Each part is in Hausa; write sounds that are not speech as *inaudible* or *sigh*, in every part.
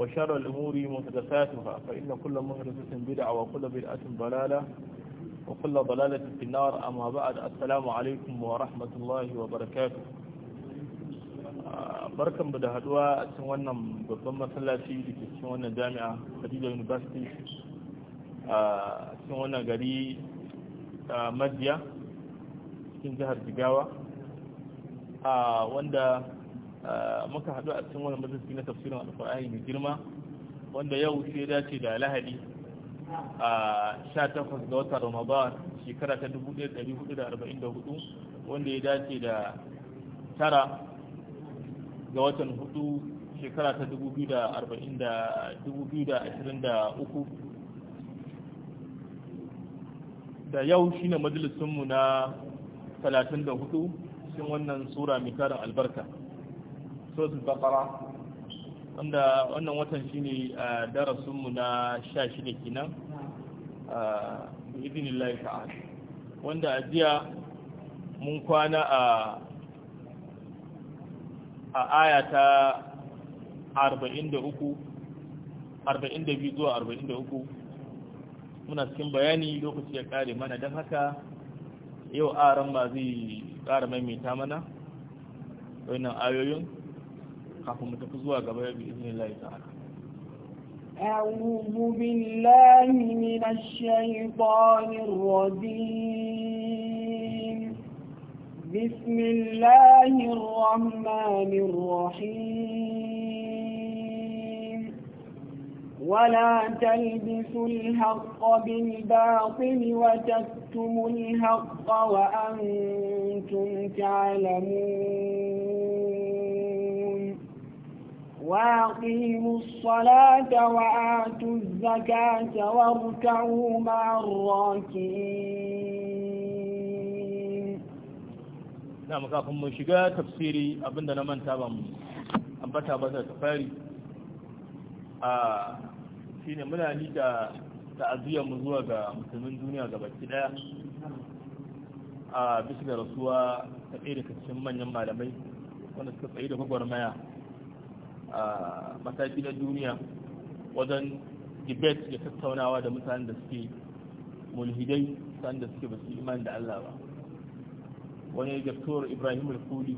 وشر الأمور محدثاتها فإن كل محدثة بدعة وكل بدعة ضلالة وكل ضلالة في النار أما بعد السلام عليكم ورحمة الله وبركاته barkan mu da haduwa a cikin wannan babban masallaci da ke cikin wannan jami'a Khadija University a cikin wannan gari a Madiya cikin jihar Jigawa a wanda Ah, muka haɗu a cikin wannan majalisi na tafsirin alƙur'ani mai girma wanda yau sai dace da lahadi a 18 ga watan ramadan shekara ta 1444 wanda ya dace da tara ga watan hudu shekara ta 2023 da yau shi ne majalisunmu na 34 cikin wannan sura mai karin albarka sosul bakara wanda wannan watan shine uh, darasinmu na sha shida kenan uh, bi idinillahi ta'ala wanda a jiya mun kwana a a aya ta 43 42 zuwa 43 muna cikin bayani lokaci ya kare mana don haka yau aran ba zai kara maimaita mana wannan ayoyin kafin mu zuwa gaba ya biyu ne lai ta'ala. Ẹ̀wùgbù bí láàrin na ṣe ìfọ́ni rọ̀dí. Bísmí láàrin rọ̀mà ni rọ̀hí. Wàlá tàbí fúlì haƙọ́ bí ní bá wa an tún وأقيموا الصلاة وآتوا الزكاة واركعوا مع الراكعين نعم kafin mun shiga tafsiri abinda na manta ban ambata ba da tafari a shine muna ni da ta'aziyar mu zuwa ga musulmin duniya gabaki daya a bisa rasuwa ta ɗaya daga cikin manyan malamai wanda suka tsaye da gwagwarmaya a mataki na duniya wajen debate da tattaunawa da mutanen da suke mulhidai mutanen da suke basu imani da Allah ba wani doktor Ibrahim Al-Kuli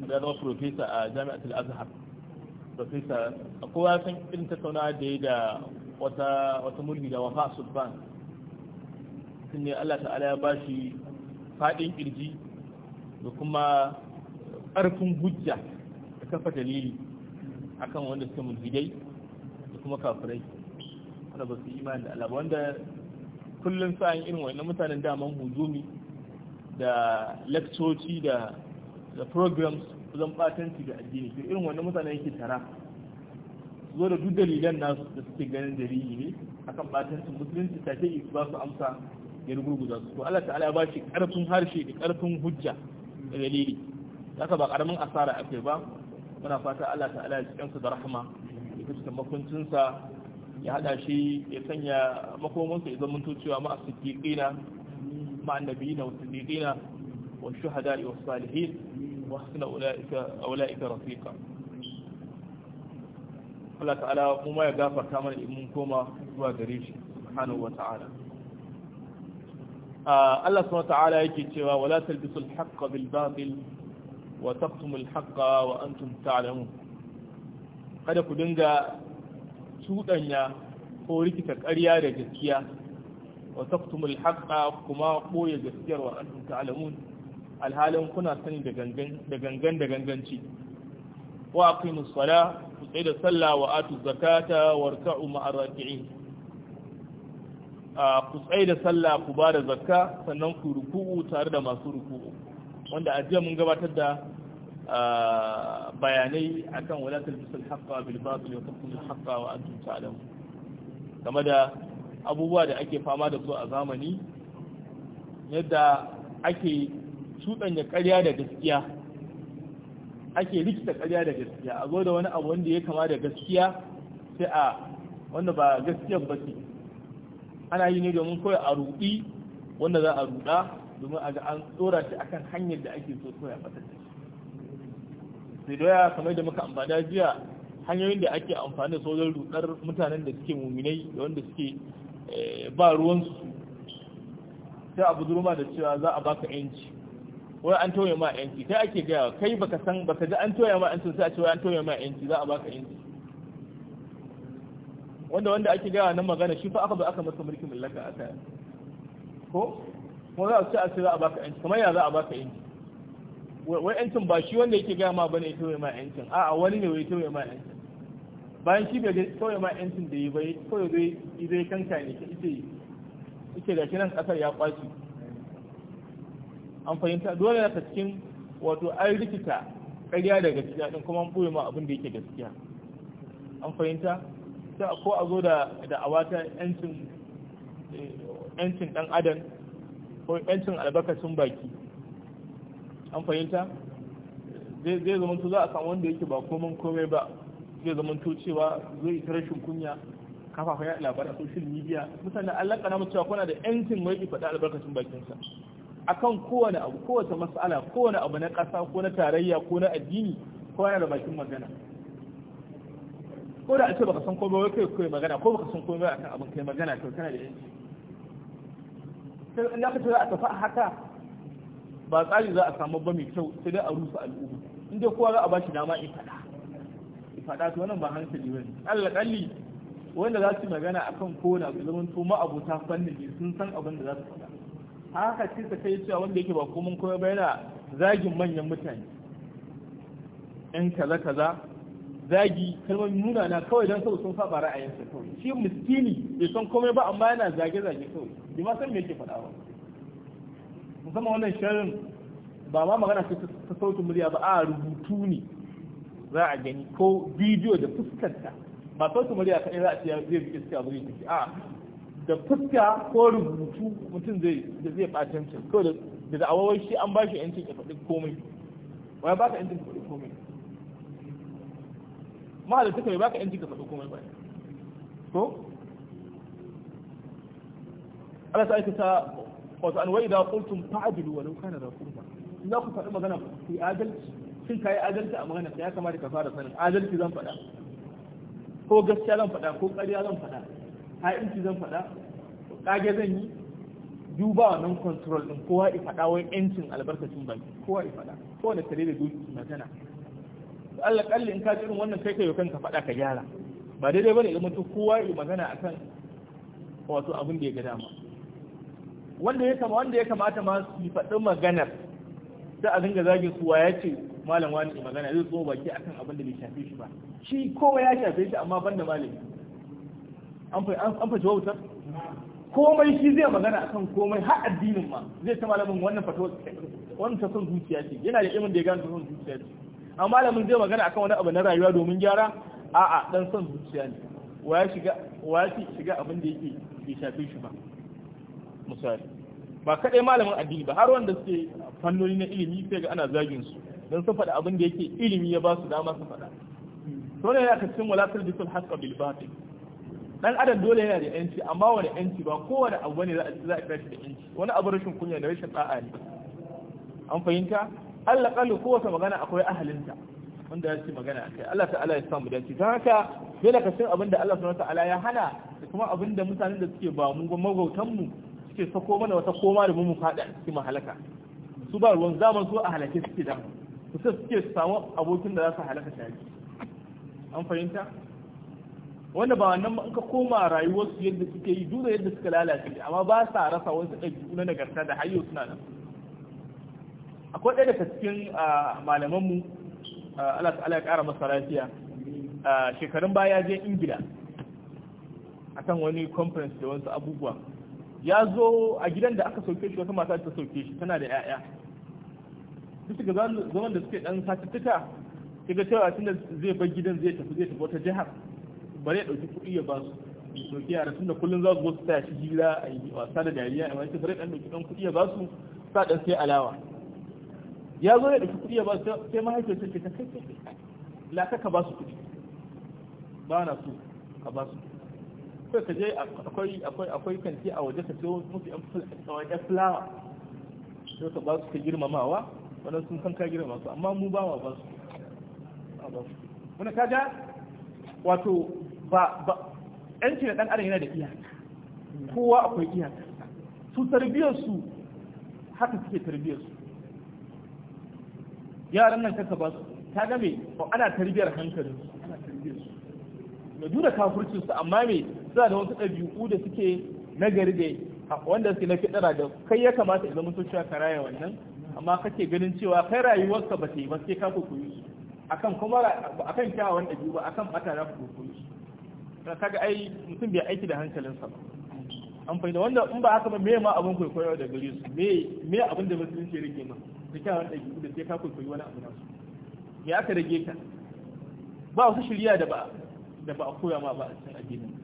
da zama profesa a Jami'at Al-Azhar profesa kowa san irin tattaunawa da ya da wata wata mulhida fa sulban sun ne Allah ta'ala ya bashi fadin kirji da kuma ƙarfin hujja da kafa dalili akan wanda suka mulhidai da kuma kafirai wanda ba su yi imani da alaba wanda kullum yin irin wannan mutanen daman hujumi da lakcoci da da programs zan batanci da addini to irin wannan mutanen yake tara zo da duk dalilan nasu da suke ganin dalili ne akan batancin musulunci ta take ba su amsa ya rugurguza su to Allah ta'ala ya ba shi karfin harshe da karfin hujja da dalili haka ba karamin asara ake ba muna fata Allah ta'ala ya cikansa da rahama ya fuska makuncinsa ya hada shi ya sanya makomansa ya zama cewa ma asidiqina ma annabiyina wa sidiqina wa shuhada'i wa salihin wa hasuna ulaika ulaika Allah ta'ala mu ma ya gafarta mana in mun koma zuwa gare shi subhanahu wa ta'ala ah, Allah subhanahu wa ta'ala yake cewa wala talbisul haqqo bil batil wa taqtumul haqqa wa antum ta'lamun kada ku dinga tudanya ko rikita ƙarya da gaskiya wa taqtumul haqqa kuma ɓoye gaskiyar wa antum ta'lamun alhalin kuna sani da gangan da gangan da ganganci wa aqimus sala ku tsaye da sallah wa atu zakata warka'u ma'ar raki'in ku tsaye da sallah ku ba da zakka sannan ku ruku'u tare da masu ruku'u wanda ajiya mun gabatar da bayanai akan wala talbisul haqqa bil batil wa taqulul haqqa wa antum ta'lamun game da abubuwa da ake fama da su a zamani yadda ake cuɗanya ƙarya da gaskiya ake rikita ƙarya da gaskiya a zo da wani abu wanda ya kama da gaskiya sai a wanda ba gaskiyar ba ce ana yi ne domin kawai a ruɗi wanda za a ruɗa domin a ga an tsora shi akan hanyar da ake so kawai a fatar shi sai doya kamar da muka ambata jiya hanyoyin da ake amfani da sojan rudar mutanen da suke muminai da wanda suke eh, ba ruwansu sai a budurma da cewa za a baka yanci wai an toye ma yanci kai ake gaya kai baka san baka ji an toye ma yanci sai a ce wai an toye ma yanci za a baka yanci wanda wanda ake gaya nan magana shi fa aka ba aka masa mulkin mallaka aka ko kuma za a ce a ce za a baka yanci kamar ya za a baka yanci wai yancin ba shi wanda yake gaya ma bane ya tauye ma yancin a'a wani ne wai tauye ma yancin bayan shi bai tauye ma yancin da yi bai kawai zai zai kanka ne ka ita ita da kiran kasar ya kwaci an fahimta dole na cikin wato an rikita ƙarya da gaskiya din kuma an boye ma abin da yake gaskiya an fahimta ta ko a zo da da awata yancin yancin eh, dan adam ko yancin albarkacin baki an fahimta zai zama za a samu wanda yake ba komai komai ba zai zama cewa zai yi rashin kunya kafafen ya labarai social media mutane an lakana mu cewa kuna da yancin mai faɗa albarkacin bakinsa akan kowane abu kowace mas'ala kowane abu na ƙasa ko na tarayya ko na addini ko yana da bakin magana ko da a ce baka san komai wai kai kai magana ko baka san komai akan abin kai magana to kana da yanci sai in aka ce za a tafi haka ba tsari za a samu ba mai kyau sai dai a rusa al'umma inda kowa za a ba shi dama in faɗa in faɗa to wannan ba hankali ba bane alƙalli wanda za su magana akan kona su zaman to ma'abuta fannin ne sun san abin da za su faɗa haka ce ta kai cewa wanda yake ba komai koyo ba yana zagin manyan mutane in kaza kaza zagi kalmar nuna na kawai don sau sun faɓa ra'ayinsa kawai shi miskini bai san komai ba amma yana zage zage kawai bai ma san me yake faɗa ba musamman wannan sharin ba ma magana ce ta sautin murya ba a rubutu ne za a gani ko bidiyo da fuskarta ba sautin murya kaɗai za a ce zai bi iska a zai tafi a da fuska ko rubutu mutum zai da zai ɓatanci ko da da awawai shi an ba shi yancin ya faɗi komai wai ba ka yancin ka faɗi komai ma da suka ba ka yancin ka faɗi komai ba ko Allah sa aikata wato an wai da qultum fa'dilu walau kana da qurba in za ku faɗi magana ku adalci shin kai adalci a magana ya kamata ka fara sanin adalci zan faɗa ko gaskiya zan faɗa ko ƙarya zan faɗa ha'inci zan faɗa kage zan yi duba wannan control din kowa ya faɗa wai yancin albarkacin baki kowa ya faɗa kowa da tare da duki magana Allah kalli in ka irin wannan kai kai yau kanka faɗa ka gyara ba daidai bane idan mutum kowa ya magana akan wato abin da ya ga dama wanda ya kama wanda ya kamata ma su faɗi maganar da a dinga zagin kuwa ya ce malam wani ne magana zai tsoma baki akan abin da bai shafe shi ba shi kowa ya shafe shi amma banda malami an fa an fa jawabtar komai shi zai magana akan komai har addinin ma zai ta malamin wannan fatawa wannan ta son zuciya ce yana da imin da ya gane ta son zuciya ce amma malamin zai magana akan wani abu na rayuwa domin gyara a'a dan son zuciya ne wa ya shiga wa ya shiga abin da yake bai shafe shi ba misali ba kaɗai malamin addini ba har wanda suke fannoni na ilimi sai ga ana zagin su don sun faɗa abin da yake ilimi ya ba su dama su faɗa to ne ya kacin walatar bisul haƙa bil batil dan adam dole yana da yanci amma wani yanci ba kowane abu ne za a shi da yanci wani abu rashin kunya da rashin da'a ne an fahimta Allah kallu kowace magana akwai ahalinta wanda ya ce magana akai Allah ta'ala ya samu dace dan haka dole ka san abin da Allah subhanahu ta'ala ya hana da kuma abin da mutanen da suke ba mu gwamnatin mu suke sako mana wata koma da mu a cikin mahalaka su ba ruwan zaman su a halake suke da su sai suke samu abokin da za su halaka tare an fahimta wanda ba wannan ba ka koma rayuwarsu yadda suke yi duk yadda suka lalace amma ba sa rasa wasu ɗabi'u na nagarta da hayo suna nan akwai ɗaya daga cikin malamanmu Allah ta'ala ya ƙara masa lafiya shekarun baya je ingila akan wani conference da wasu abubuwa ya zo a gidan da aka sauke shi wata mata ta sauke shi tana da 'ya'ya duk ga zaman da suke dan satuttuka sai ga cewa da zai bar gidan zai tafi zai tafi wata jihar bare ya dauki kuɗi ya ba su dauki yara tunda kullum za su zo su taya shi gida a yi wasa da dariya a wani bare dan dauki dan kuɗi ya ba su sa dan sai alawa ya zo ya dauki kuɗi ya ba su sai mahaifiyarsa ce ta kai kai la ka ba su kuɗi ba na so ka ba su sai ka je akwai akwai kanti a waje ka siyo mafi yan fulawa sai ka ba su ka girmamawa wannan sun san ka girmama su amma mu ba ma ba su wani kaja wato ba ba yanci da dan adam yana da iyaka kowa akwai iyaka su tarbiyar su haka suke tarbiyar su yaran nan kaka ba su ta game me ana tarbiyar hankalin su ana tarbiyar su ya dura kafurcin su amma me suna da wasu ɗabi'u da suke nagari da wanda suke na fitara da kai ya kamata ya zama cewa ka raya wannan amma kake ganin cewa kai rayuwarka ba ta yi ba sai ka koyi su akan kuma akan kyawawan ɗabi'u ba akan mata za ku koyi su kaga ai mutum bai aiki da hankalinsa ba amfani da wanda in ba haka ba me ma abin kwaikwayo da gare su me me abin da musulunci rage ma da kyawawan ɗabi'u da sai ka kwaikwayi wani abu nasu me aka rage ka ba wasu shirya da ba da ba a koya ma ba a cikin addinin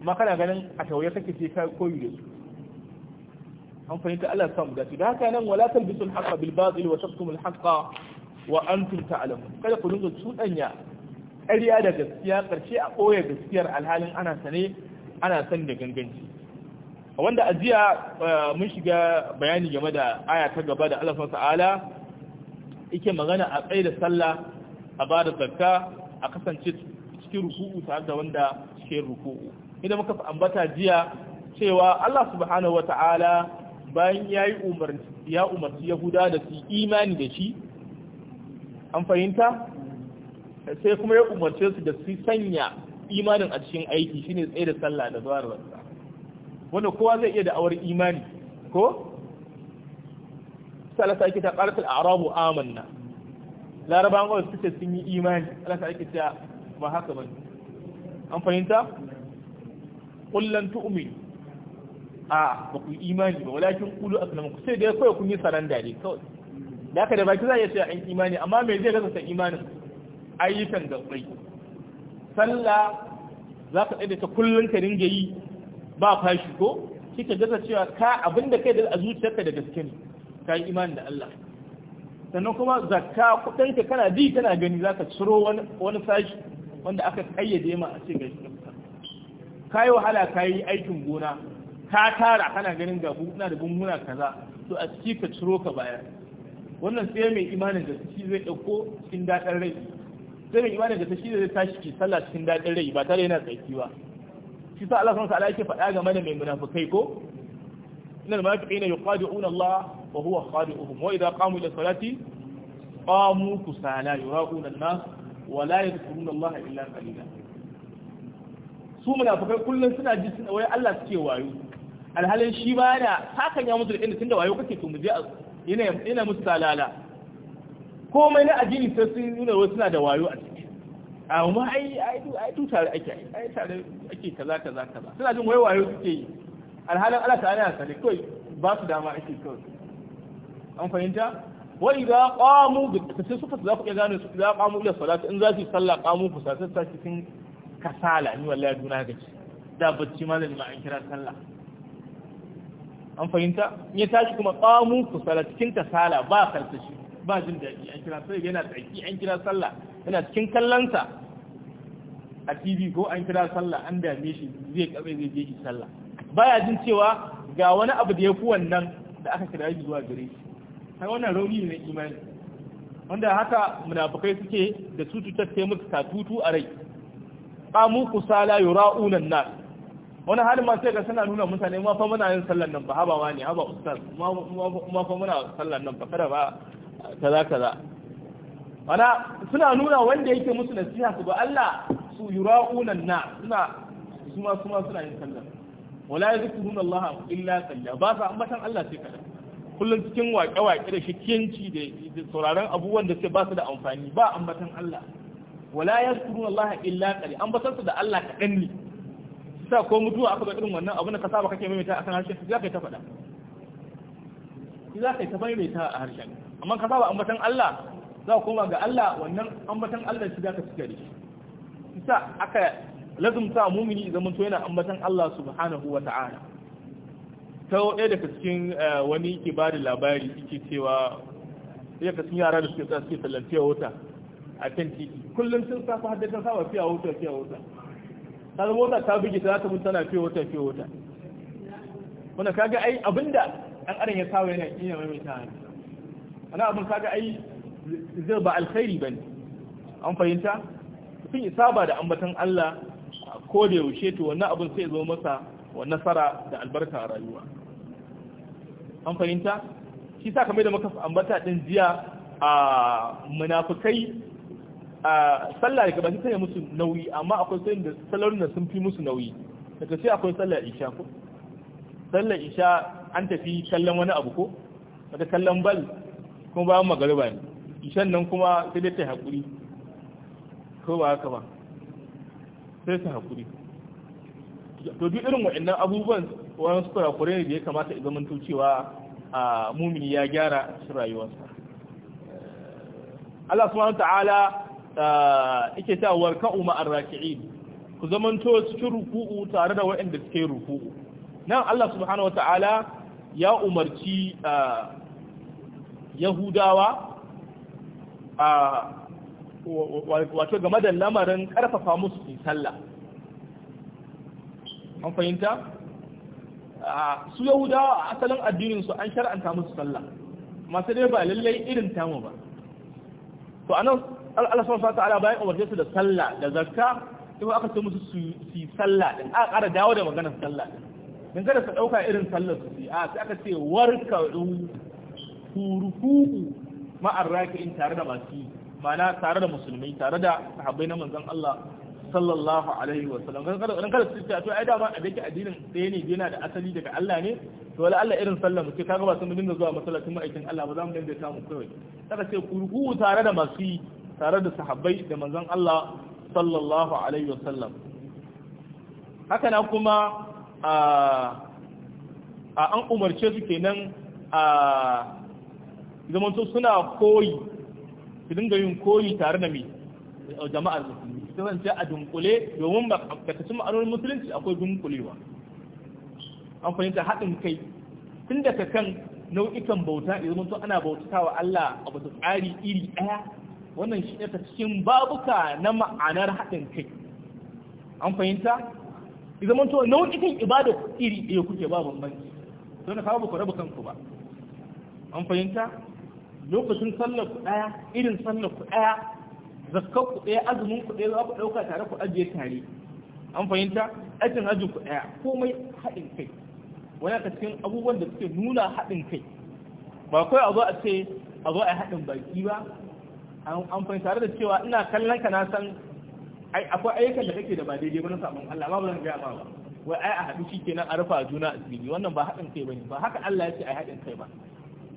amma kana ganin a tawaye kake ce ka koyi da su an fahimta Allah samu dace da haka nan wala talbisul haqqa bil batil wa al haqqa wa antum ta'lamu kada ku dinga cuɗanya ƙarya da gaskiya karshe a koya gaskiyar alhalin ana sane ana san da ganganci wanda a jiya eh, mun shiga bayani game da aya ta gaba da Allah ta'ala yake magana a tsaye da sallah a ba da zakka a kasance cikin ruku'u tare da wanda cikin ruku'u idan muka fi ambata jiya cewa Allah subhanahu Ta'ala bayan ya yi umarci ya umarci Yahuda da su imani da shi an fahimta sai kuma ya umarce su da su sanya imanin a cikin aiki shine tsaye da sallah da zuwa wasa wanda kowa zai iya da'awar imani ko salasa ake ta a a'rabu amanna larabawan kawai suke sun yi imani salasa ake ta ba haka ba. an fahimta kullan tu'min a ba ku imani ba walakin qulu aslamakum sai dai kawai kun yi saranda ne kawai da haka da baki za ya ce an imani amma me zai rasa imanin ayyukan kai. sallah za ka tsaye ta kullun ka dinga yi ba fashi ko kika gaza cewa ka abinda kai da a zuciyarka da gaske ne ka yi imani da Allah sannan kuma zakka kudinka kana ji kana gani zaka ciro wani wani sashi wanda aka kayyade ma a ce gashi ka yi wahala ka yi aikin gona ka tara kana ganin ga na da gunguna kaza to a ciki ka ciro ka bayar wannan sai mai imanin da shi zai ɗauko cikin daɗin rai sai mai imanin da shi zai tashi ki sallah cikin daɗin rai ba tare yana tsaki ba shi sa Allah subhanahu wa yake faɗa game da mai munafikai ko innal munafiqina yuqadi'una Allah wa huwa khadi'uhum wa idha qamu ila salati qamu kusala yura'una an-nas wa la yadhkuruna Allah illa qalila su munafukai kullum suna ji suna wai Allah suke wayo alhalin shi ba da hakan ya musu da inda tunda wayo kake to mu je ina ina musu talala komai na addini sai sun nuna wai suna da wayo a ciki amma ai ai ai tu tare ake ai tare ake kaza kaza kaza suna jin wai wayo suke yi alhalin Allah ta'ala ya sani kai ba su dama ake kawai an fahimta wa idza qamu bi sai suka za ku iya gane su idza qamu ila salati in za su yi sallah qamu fusata sai sun kasala ni wallahi duna gaci da bacci ma zan ma an kira sallah an fahimta ya tashi kuma qamu ku sala cikin kasala ba karsashi ba jin daɗi an kira sai yana tsaki an kira sallah yana cikin kallansa a TV ko an kira sallah an dame shi zai kabe zai je shi sallah baya jin cewa ga wani abu da ya fi wannan da aka kira shi zuwa gare shi Sai wannan rauni ne imani wanda haka munafukai suke da su ta sai tutu a rai qamu kusala yura'una an wani halin ma sai ga suna nuna mutane ma fa muna yin sallan nan ba haba ma ne haba ustaz ma fa muna sallan nan ba kada ba kaza kaza mana suna nuna wanda yake musu nasiha su ba Allah su yura'una an suna kuma kuma suna yin sallan wala yadhkuruna Allah illa qalla ba sa ambatan Allah sai kada kullum cikin waƙe-waƙe da shikenci da sauraron abubuwan da sai ba su da amfani ba ambatan Allah wala yaskurun Allah illa qali an batar su da Allah ka ne sa ko mutuwa aka ga irin wannan abin da ka saba kake maimaita akan harshe shi za kai ta faɗa shi zaka yi ta maimaita a harshen amma ka saba ambatan Allah za ku koma ga Allah wannan ambatan Allah shi zaka cika shi sa aka lazumta mumini zaman to yana ambatan Allah subhanahu wa ta'ala ta ɗaya daga cikin eh, wani ke ba da labari yake cewa ya kasin yara da suke tsaya suke tallantiya wata a kan kullum sun safa haddar ta saba fiya wuta fiya wuta kaga mota ta bugi ta zaka tana fiya wuta fiya wuta wanda kaga ai abinda an adam ya saba yana iya mai ta ana abin kaga ai zai ba alkhairi bane an fahimta sun yi saba da ambatan Allah ko da yaushe to wannan abin sai zo masa wa nasara da albarka a rayuwa an fahimta shi sa kamar da muka ambata din jiya a munafukai a sallah da gabaki sai musu nauyi amma akwai sai da sallolin da sun fi musu nauyi daga sai akwai sallar isha ko sallar isha an tafi kallon wani abu ko daga kallon bal kuma bayan magariba ne ishan nan kuma sai dai ta hakuri ko ba haka ba sai ta hakuri to duk irin wa'annan abubuwan wani su kurakure ne da ya kamata idan zama cewa a mumini ya gyara shi rayuwarsa Allah subhanahu wa ta'ala ake ta warka'u ma'ar raki'in ku to cikin ruku'u tare da waɗanda suke ruku'u nan Allah subhanahu Ta'ala ya umarci Yahudawa wato game da lamarin karfafa musu su salla an fahimta su Yahudawa a asalin addinin su an shar'anta musu salla masu dai ba lallai irin tamu ba to anan Allah subhanahu ta'ala bayan umarce su da sallah da zakka sai aka ce musu su yi sallah din aka ƙara dawo da maganar sallah din kada su dauka irin sallah su a sai aka ce warka'u kuruku ma'ar raki'in tare da masu mana tare da musulmai tare da sahabbai na manzon Allah sallallahu alaihi wa sallam kan kada su ce to ai dama a dake addinin ɗaya ne yana da asali daga Allah ne to wala Allah irin sallah muke kaga ba sun dinga zuwa masallacin ma'aikin Allah ba za mu dinga samu kawai kada ce kurku tare da masu tare da sahabbai da manzon Allah sallallahu alaihi wasallam haka na kuma a an umarce su kenan a zamanto suna koyi su dinga yin koyi tare da mai jama'ar musulmi su zance a dunkule domin ba kakacin ma'anonin musulunci akwai dunkulewa an ta haɗin kai tun daga kan nau'ikan bauta idan zama ana bautata wa Allah a bisa tsari iri ɗaya wannan shi ta cikin babuka na ma'anar haɗin kai an fahimta izaman to nau'ikan ibada iri ɗaya kuke ba bambanci don na kawo ba ku kanku ba an fahimta lokacin sallar ku ɗaya irin sallar ku ɗaya zakkar ku ɗaya azumin ku ɗaya za ku ɗauka tare ku ajiye tare an fahimta ajin ajin ku ɗaya komai haɗin kai wani ka cikin abubuwan da suke nuna haɗin kai ba kawai a zo a ce a zo a yi haɗin baki ba an fahimta tare da cewa ina kallon ka na san akwai ayyukan da kake da ba daidai ba na sabon Allah amma ba zan gaya ba ba wai ai a haɗu shikenan a rufa juna asiri wannan ba haɗin kai bane ba haka Allah ya ce ai haɗin kai ba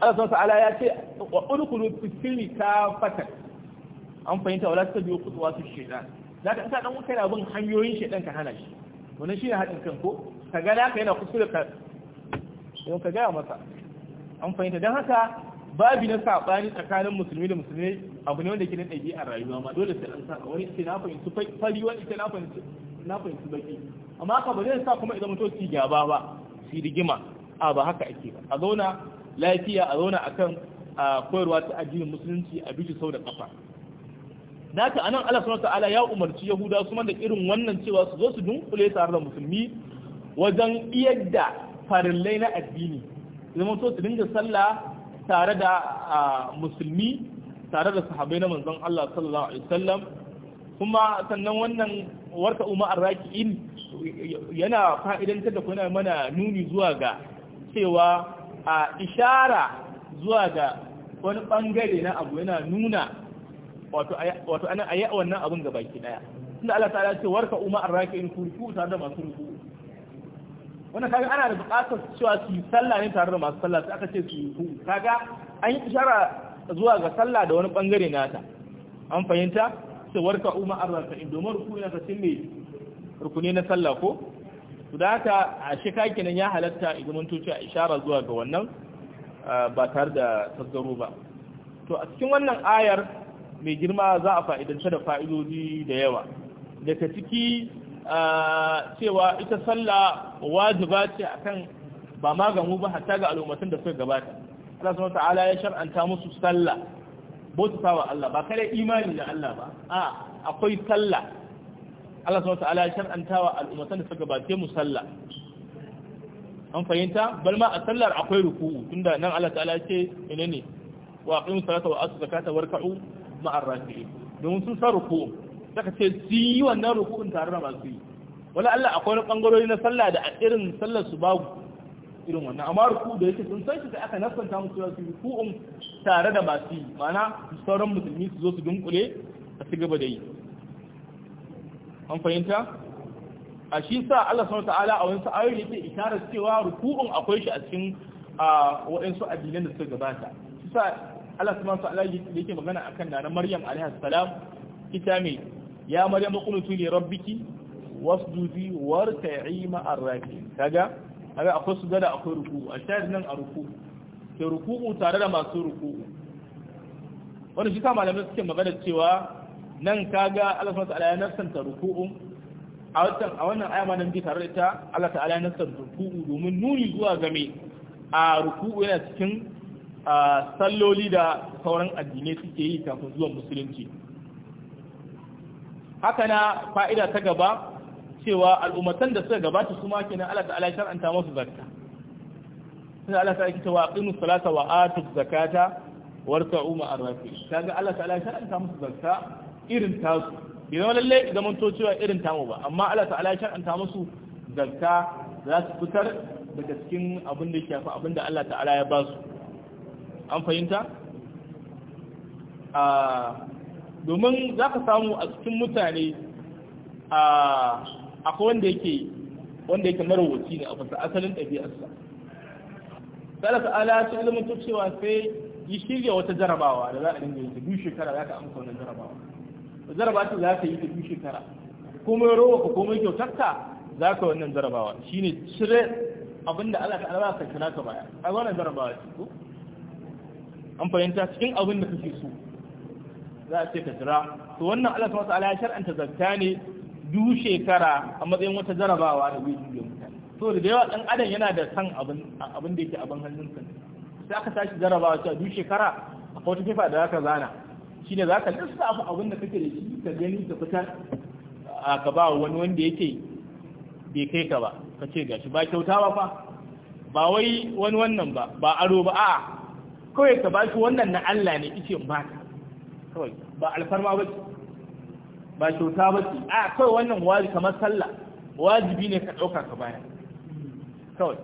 Allah subhanahu ta'ala ya ce wa ulkulu fi ta kafatan an fahimta wala tabi'u khutuwatu shaytan zaka ta dan kai bin hanyoyin shaytan ka hana shi wannan shine haɗin kan ko ka ga ka yana kuskure ka yau ka gaya masa an fahimta don haka babi na saɓani tsakanin musulmi da musulmi abu ne wanda ke na ɗabi'ar rayuwa ma dole sai an saka wani sai na fahimci fari wani sai na fahimci na fahimci baki amma haka ba zai sa kuma idan mutum su gaba ba su rigima a ba haka ake ba a zauna lafiya a zauna akan koyarwa ta addinin musulunci a biyu sau da kafa naka anan Allah subhanahu wataala ya umarci Yahuda su da irin wannan cewa su zo su dunkule tare da musulmi wajen iyadda farillai na addini zama to su dinga sallah tare da musulmi tare da sahabai na manzon Allah sallallahu alaihi wasallam kuma sannan wannan warka umar raki'in yana fa'idantar da kuna mana nuni zuwa ga cewa a ishara zuwa ga wani bangare na abu yana nuna wato ana a wannan abin gaba ki daya inda Allah ta'ala ce warka umar raki'in kurku tare da masu ruku wannan kaga ana da buƙatar cewa su yi sallah ne tare da masu sallah sai aka ce su yi kaga an yi ishara zuwa ga sallah da wani bangare nata an fahimta sai warka umar arzaka in domin rukuni na kasin ne rukuni na sallah ko su da haka a shika kenan ya halatta idan tuci a ishara zuwa ga wannan ba tare da tasgaro ba to a cikin wannan ayar mai girma za a fa'idanta da fa'idodi da yawa daga ciki cewa ita sallah wajiba ce akan ba mu ba hatta ga al'ummatan da suka gabata Allah subhanahu ta'ala ya shar'anta musu sallah bauta wa Allah ba kare imani da Allah ba a akwai sallah Allah subhanahu ta'ala ya shar'anta wa al'ummatan da suka gabata mu sallah an fahimta bal ma a sallar akwai ruku'u tunda nan Allah ta'ala ya ce menene wa aqimu salata wa atu zakata warka'u ma'ar raki'in domin sun sa ruku'u zaka ce su yi wannan ruku'un tare da masu yi Wani Allah akwai wani bangarori na sallah da a irin sallar su babu irin wannan amma ruku da yake sun san shi da aka nasanta musu cewa su ruku'un tare da masu yi ma'ana sauran musulmi su zo su dunkule a su gaba da yi an fahimta a shi sa Allah subhanahu ta'ala a wani sa'ayoyi yake isharar cewa ruku'un akwai shi a cikin waɗansu addinan da suka gabata shi sa Allah subhanahu ta'ala yake magana akan nana Maryam alaihi salam ita mai ya maryam qunutu li rabbiki wasjudi warka'i ma'ar raki'in kaga kaga akwai sujada akwai ruku'u a shayar nan a ruku'u ke ruku'u tare da masu ruku'u wani shi ka malamai suke magana cewa nan kaga Allah subhanahu wa ta'ala ya nasanta ruku'un a wannan ayama nan bi tare da ita Allah ta'ala ya nasar ruku'u domin nuni zuwa game a ruku'u yana cikin salloli da sauran addinai suke yi kafin zuwa musulunci haka na fa'ida ta gaba cewa al'ummatan da suka gabata su ma kenan Allah ta'ala shar'anta musu zakka sai Allah ta'ala kita wa aqimus salata wa atuz zakata warka'u ma'ar rafi kaga Allah ta'ala shar'anta musu zarta irin tasu idan lalle zaman to cewa irin tamu ba amma Allah ta'ala shar'anta musu zarta za su fitar daga cikin abin da shafi abin da Allah ta'ala ya ba su an fahimta ah, domin za ka samu a cikin mutane akwai wanda yake wanda yake marawaci ne a fasa asalin ɗabi'arsa tsara ta'ala sun ilmantar cewa sai yi shirya wata jarabawa da za a dinga yi ta biyu shekara za ka amsa wannan jarabawa da jaraba ta za ka yi ta biyu shekara komai rowa ka komai kyautarka za ka wannan jarabawa ne cire abin da Allah ta'ala ba ka kira ka baya a wannan jarabawa ce ko an fahimta cikin abin da kake so za a ce ka jira to wannan Allah subhanahu wataala ya shar'anta zakka ne duk shekara a matsayin wata jarabawa da zai juya mutane to da yawa dan adam yana da san abin abin da yake abin sa sai aka tashi jarabawa cewa duk shekara akwai wata kifa da zaka zana shine zaka lissafa abin da kake da shi ka gani ka fitar ka ba wani wanda yake bai kai ka ba ka ce gashi ba kyautawa fa ba wai wani wannan ba ba aro ba a'a kawai ka ba shi wannan na Allah ne ice ba baka kawai ba alfarma ba ba kyauta ba ce a kawai wannan wazi kamar sallah wajibi ne ka ɗauka ka baya kawai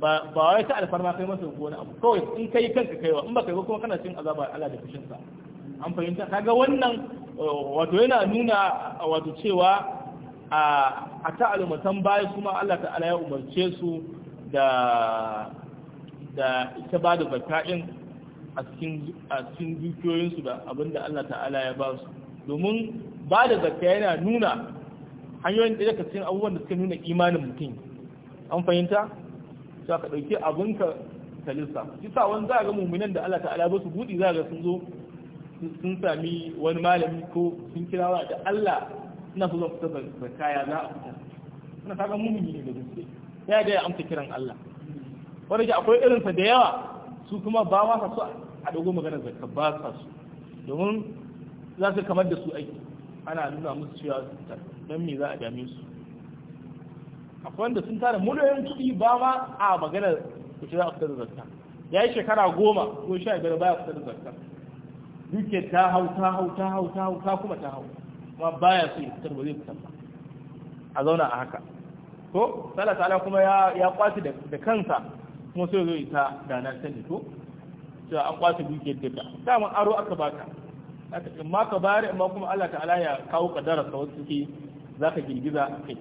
ba wai ta alfarma kai masa wani abu kawai in ka yi kanka kaiwa in ba kai kuma kana cin azaba Allah da fushinsa an fahimta kaga wannan uh, wato yana nuna uh, wato cewa a ta'alumatan baya kuma Allah ta'ala ya umarce su da da ita ba da zaka'in a cikin dukiyoyinsu da abinda Allah ta'ala ya ba su domin ba da zakka yana nuna hanyoyin da daga cikin abubuwan da suka nuna imanin mutum an fahimta za ka ɗauki abin ka shi sa wani za ga mummunan da Allah ta'ala ba su buɗi za ga sun zo sun sami wani malami ko sun kira wa da Allah suna so zan fita zakka ya za a fita suna kaga mummuni ne da gaske ya da ya amsa kiran Allah wanda akwai irinsa da yawa su kuma ba ma su a dogo maganar zakka ba sa su domin za su kamar da su aiki ana nuna musu cewa don me za a dame su akwai wanda sun tara miliyoyin kuɗi ba ma a maganar kuce za a fitar da zakka ya yi shekara goma ko sha biyar ba ya fitar da zakka duke ta hau ta hau ta hau ta hau ta kuma ta hau kuma ya so ya fitar ba zai fitar ba a zauna a haka ko sallah ta'ala kuma ya kwaci da kansa kuma sai zo ita da na sani to? cewa an kwace dukiyar ta daman aro aka baka aka in ma ka bayar amma kuma Allah ta'ala ya kawo kadara ka wasu suke zaka girgiza kai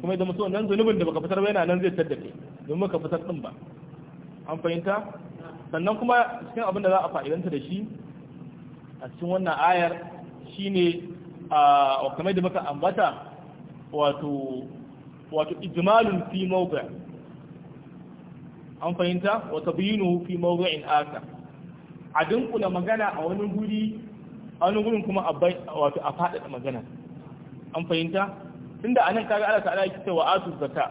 kuma idan mutum nan zunubin da baka fitar ba yana nan zai tar kai domin ka fitar din ba an fahimta sannan kuma cikin abin da za a fa'idanta da shi a cikin wannan ayar shine a kamar da muka ambata wato wato ijmalun fi mawqi' an fahimta wa biyu fi mawdu'in aka a dunkula magana a wani guri a wani gurin kuma a bai wato a faɗaɗa magana an fahimta tunda anan kaga Allah ta'ala ya cewa wa atu zakka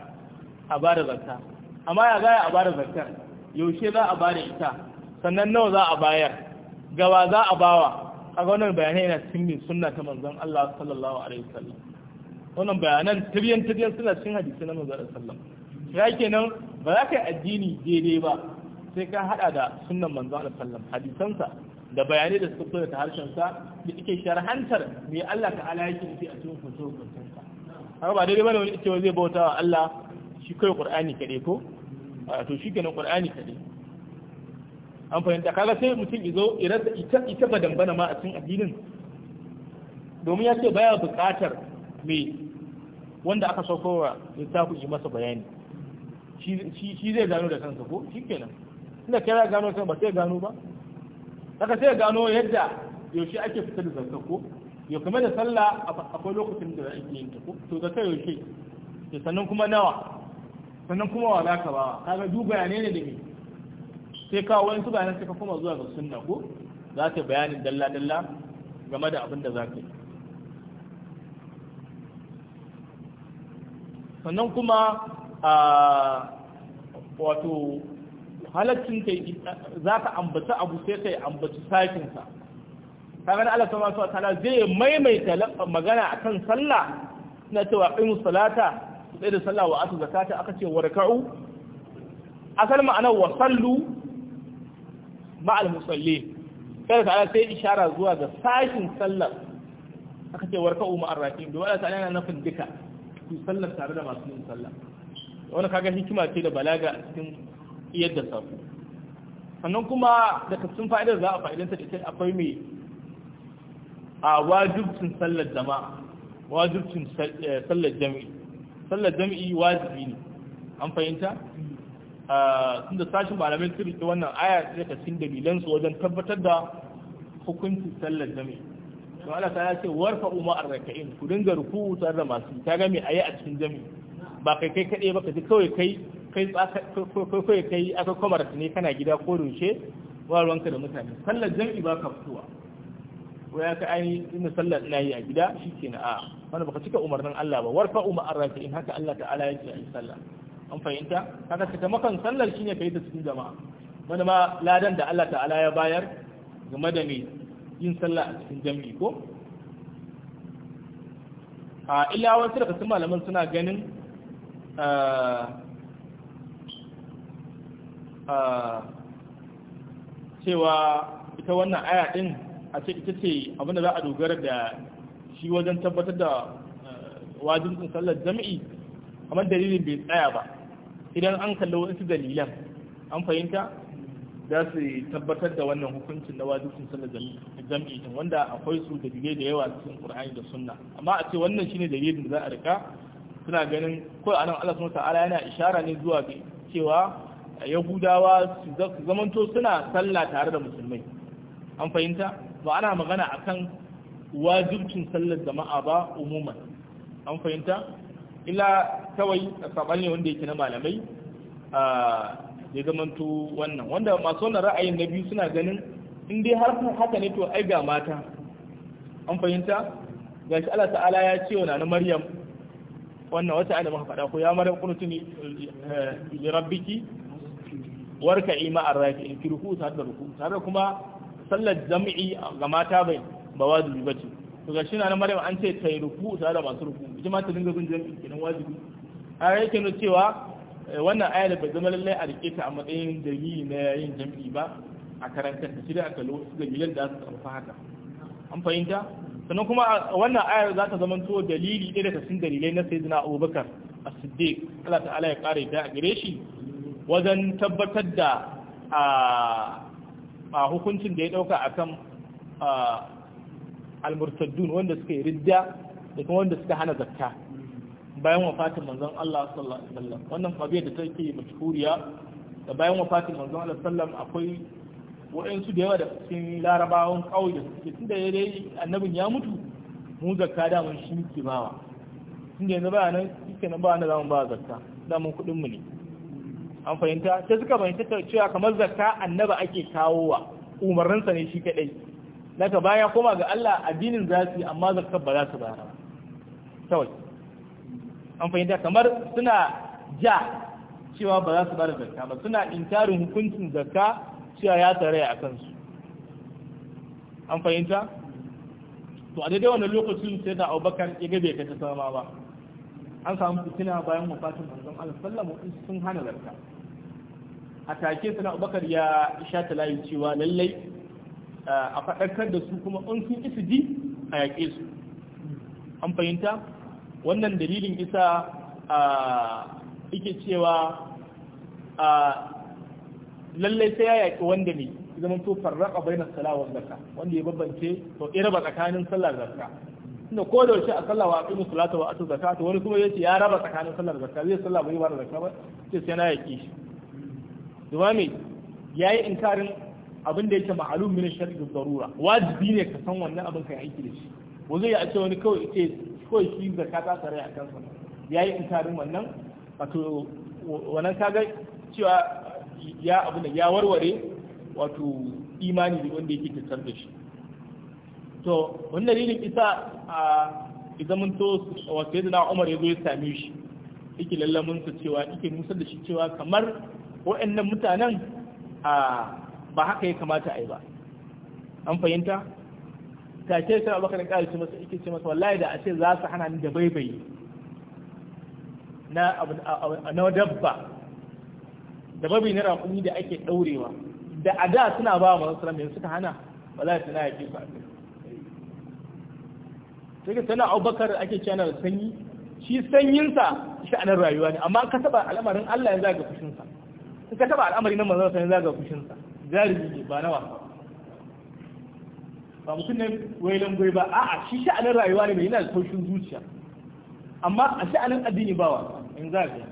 a bada zakka amma ya ga a bada zakka yaushe za a bada ita sannan nawa za a bayar gawa za a bawa kaga wannan bayanai yana cikin min sunna ta manzon Allah sallallahu alaihi wasallam wannan bayanan tiryan tiryan suna cikin hadisi na manzon sallallahu alaihi wasallam ya kenan ba za ka yi addini daidai ba sai ka hada da sunan manzo Allah sallam hadisansa da bayanai da suka fito da harshen sa da yake sharhantar me Allah ta'ala yake nufi a cikin fito kuntunsa haka ba daidai bane wani cewa zai bauta wa Allah shi kai Qur'ani kade ko to shi kenan Qur'ani kade an fahimta kaga sai mutum izo da ita ita bana ma a cikin addinin domin ya ce baya buƙatar me wanda aka saukowa littafin yi masa bayani shi zai gano da kansa ko shi nan inda kai ya gano kan ba sai gano ba haka sai gano yadda yaushe ake fitar da zakka ko yau kuma da sallah akwai lokacin da ake yin ta ko to kai yaushe to sannan kuma nawa sannan kuma wa ka ba kaga duba ya ne da me sai kawo wani su bayanan suka kuma zuwa ga sunna ko za ta bayanin dalla dalla game da abin da za ka yi sannan kuma a wato halaccin ka za ka ambaci abu sai ka yi ambaci sakinsa kamar da Allah masu wataala zai maimaita magana akan sallah na cewa qimu salata sai da sallah wa atu zakata aka ce raka'u asal ma'anar wa sallu ma'al musalli kada da Allah sai ishara zuwa ga sashin sallar aka ce warka'u ma'ar rakim da ta yana nufin duka su sallar tare da masu yin sallar. wani kaga hikima ce da balaga a cikin iyar da sabu sannan kuma daga cikin fa'idar za a fa'idanta da ita akwai mai a wajibcin sallar jama'a wajibcin eh, sallar jami'i sallar jami'i wajibi ne an fahimta sun da sashin malamai sun rike wannan aya daga cikin dalilansu wajen tabbatar da hukuncin sallar jami'i to Allah ta ya ce warfa umar raka'in ku dinga ruku tare da masu ta ga me ayi a cikin jami'i ba kai kai kaɗai ba kaji kawai kai kai kai aka kwamar ne kana gida ko rushe ba ruwanka da mutane sallar jam'i ba ka fitowa ko ya ka ainihin inda sallar ina yi a gida shi ke na a wannan baka cika umarnin Allah ba warfa umma arrafi in haka Allah ta'ala ya ce a yi sallah an fahimta haka cika makan sallar shine kai yi ta cikin jama'a wanda ma ladan da Allah ta'ala ya bayar game da mai yin sallah a cikin jam'i ko a illa wasu daga sun malaman suna ganin Ah, ah, cewa ita wannan aya din a ce ita ce abinda za a dogara da shi wajen tabbatar da eh, wajen sallar jami'i amma dalilin bai tsaya ba idan an kalli wasu dalilan an fahimta za su tabbatar da wannan hukuncin na sun sallar jami'i wanda akwai su dalilai da yawa cikin ƙur'ani da Sunna amma a ce wannan shine dalilin da za a rika suna ganin ko anan Allah subhanahu ta'ala yana ishara ne zuwa ga cewa yahudawa su zamanto suna sallah tare da musulmai an fahimta ba ana magana akan wajibcin sallar jama'a ba umuman an fahimta illa kawai saban ne wanda yake na malamai ya zamanto wannan wanda masu wannan ra'ayin na biyu suna ganin in dai har haka ne to ai ga mata an fahimta gashi Allah ta'ala ya ce wa na Maryam wannan wata ana muka faɗa ko ya mara ni eh, li rabbiki warka ima arraki in kiruku ta da ruku tare kuma sallar jam'i ga mata bai ba wajibi bace to ga shina na maryam an ce tayi ruku tare da masu ruku ita ma ta dinga gunje jam'i kenan wajibi a yake nuna cewa eh, wannan ayar da bai zama lallai a rike ta a matsayin dalili na yin jam'i ba a karantar da shi da aka lo su dalilan da su karfa haka an fahimta sannan kuma wannan ayar za ta zamanto dalili ɗaya daga cikin dalilai na sayyidina abubakar a siddiq Allah ta'ala ya kare da gare shi wajen tabbatar da a hukuncin da ya ɗauka akan al-murtaddun wanda suka yi ridda da kuma wanda suka hana zakka bayan wafatin manzon Allah sallallahu alaihi wasallam wannan fabiyar da take mashhuriya da bayan wafatin manzon Allah sallallahu alaihi wasallam akwai waɗansu da yawa da cikin larabawan ƙauye da suke tunda ya dai annabin ya mutu mu zakka da mun shi muke bawa tunda yanzu ba nan suke nan ba nan zamu ba zakka da mun kuɗin mu ne an fahimta sai suka fahimta cewa kamar zakka annaba ake kawowa umarninsa ne shi kadai daga baya koma ga Allah addinin za su yi amma zakkar ba za su bayar ba kawai an fahimta kamar suna ja cewa ba za su da zakka ba suna inkarin hukuncin zakka cewa ya tsare a kansu an fahimta to a daidai wani lokacin sai da abubakar ya gabe ka ta sama ba an samu fitina bayan wafatin manzon Allah sallallahu sun hana zarta a take sana abubakar ya sha ta layi cewa lallai a faɗakar da su kuma in sun isa ji a yaƙe su an fahimta wannan dalilin isa a ike cewa lallai sai ya yaƙi wanda ne zama to farraqa baina sala wa zakka wanda ya babbance to ya ba tsakanin sallar zakka inda ko da wace a sallah wa aqimu salata wa atu zakata wani kuma yace ya raba tsakanin sallar zakka zai sallah bai ba da zakka ba sai sai na yaƙi shi duba me yayi inkarin abin da yake ma'alum min shar'i darura wajibi ne ka san wannan abin kai aiki da shi wa zai a ce wani kawai ce kawai shi zakka ta tsare a kansa yayi inkarin wannan wato wannan kaga cewa ya abu da ya warware wato imani wanda yake tattar da shi to wannan dalilin isa a idan mun to wato yadda na umar ya zo ya same shi yake mun su cewa yake musar da shi cewa kamar waɗannan mutanen a ba haka ya kamata a yi ba an fahimta ta ce sai abubakar ya shi masa yake ce masa wallahi da a ce za su hana ni da baibayi na dabba da babi na raƙumi da ake daurewa da a da suna ba wa sallam yanzu suka hana wallahi suna yake ba sai ka sana abubakar ake cewa da sanyi shi sanyinsa sha'anar rayuwa ne amma ka taba al'amarin Allah yanzu ga fushinsa in ka taba al'amari na manzon sa ya zaga fushinsa jarumi ne ba na wasa ba mutum ne wailan goyi ba a'a shi sha'anar rayuwa ne mai yana da taushin zuciya amma a sha'anin addini ba wasa in zaga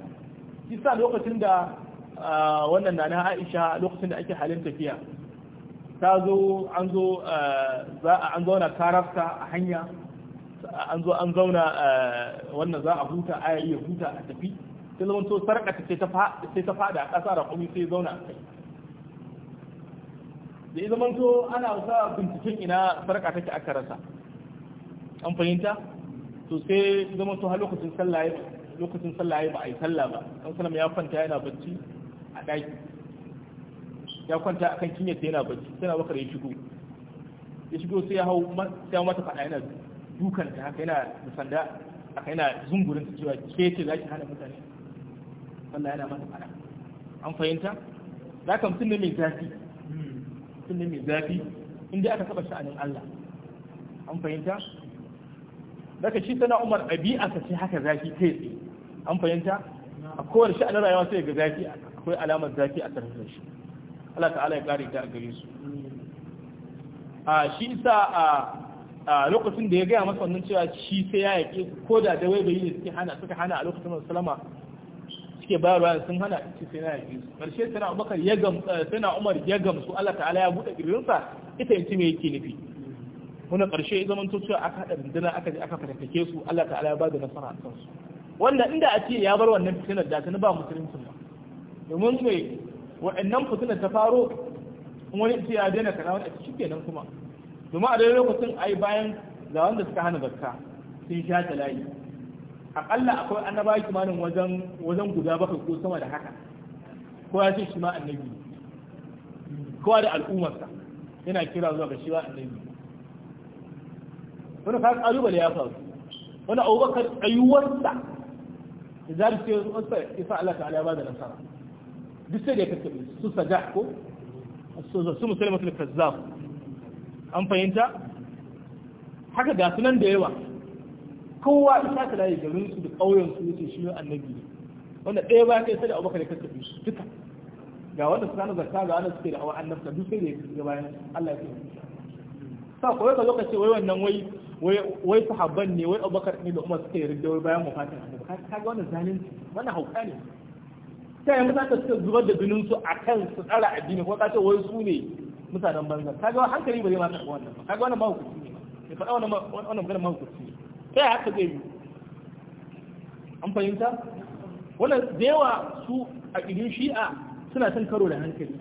shi sa lokacin da wannan na na aisha lokacin da ake halin tafiya ta zo an zo za a an zauna karafta a hanya an zo an zauna wannan za a huta aya iya huta a tafi sai zama to sarƙata sai ta fada a ƙasa da kuma sai zauna a kai da ya zama to ana sa binciken ina sarƙa take aka rasa an fahimta to sai zama to har lokacin sallah lokacin sallah ba a yi sallah ba kan sallama ya kwanta yana bacci a ɗaki ya kwanta akan kinyarta yana bacci tana bakar ya shigo ya shigo sai ya hau sai mata faɗa yana dukanta haka yana da sanda haka yana zungurin ta cewa ke ce za ki hana mutane Allah yana mata faɗa an fahimta za ka mutum ne mai zafi mutum ne mai zafi inda aka taɓa sha'anin Allah an fahimta daga shi sana umar ɗabi'a ka ce haka zafi kai tsaye an fahimta a kowar sha'anin rayuwa sai ga zafi a akwai alamar zafi a tarihin shi Allah ta'ala ya kare ta a gare su a shi isa a lokacin da ya gaya masa wannan cewa shi sai ya yaƙi ko da da wai bayi suke hana suka hana a lokacin da salama suke bayarwa sun hana shi sai na yaƙi su karshe sai na ya gamsu eh, sai na Umar ya gamsu Allah ta'ala ya buɗe ƙirjinsa ita yanci me yake nufi wani ƙarshe ya zama to cewa aka haɗa rundunar aka je aka fatake su Allah ta'ala ya ba da nasara a kansu wanda inda a ce ya bar wannan fitinar da ta ba musulunci ba domin mai waɗannan fitinar ta faro wani ce ya daina na wani a cikin kenan kuma domin a daidai lokacin ai bayan ga wanda suka hana zakka sun sha ta layi aƙalla akwai annabawa kimanin wajen wajen guda bakwai ko sama da haka ko ya ce shi ma annabi kowa da al'ummarsa yana kira zuwa ga shi ma annabi wani ka kalubale ya faru wani abubakar tsayuwarsa da za su ce wasu isa Allah ta'ala ba da nasara duk sai da ya kasance su sajah ko su musulman su kazzab an fahimta haka ga sunan da yawa kowa ta ka layi garin su da ƙauyen su yace shi annabi wanda ɗaya ba kai sai da abubakar ya kasance su duka ga wanda suna zarta ga wanda suke da awa annabta duk sai da ya kasance bayan Allah ya kasance sa ko ka lokaci wai wannan wai wai sahabban ne wai abubakar ne da umar suke yarda wai bayan wafatin annabi kaga wannan zalunci wannan hauka ne ta yi mutane suka zubar da jinin su akan su tsara addini ko kace wai su ne mutanen banza kaga hankali ba zai ma karɓi wannan kaga wannan ba hukunci ne ya faɗa wannan wannan magana ma ne ta yi haka zai yi an fahimta wannan da yawa su a ƙidin shi'a suna cin karo da hankali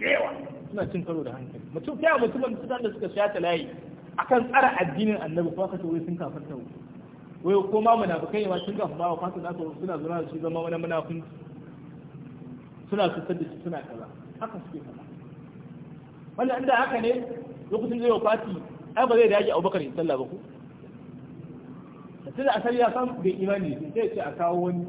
da yawa suna cin karo da hankali mutum ta yawa mutumin mutanen da suka ta layi akan tsara addinin annabi ko kace wai sun kafarta wai ko ma munafikai ma sun kafa ba wa fasu na suna zuna da shi zama wani munafunci suna su da shi suna kaza haka suke kaza wanda inda haka ne lokacin zai kwati ai ba zai dage abubakar ya sallah ba ku da tunda asali ya san bai imani ne sai ce a kawo wani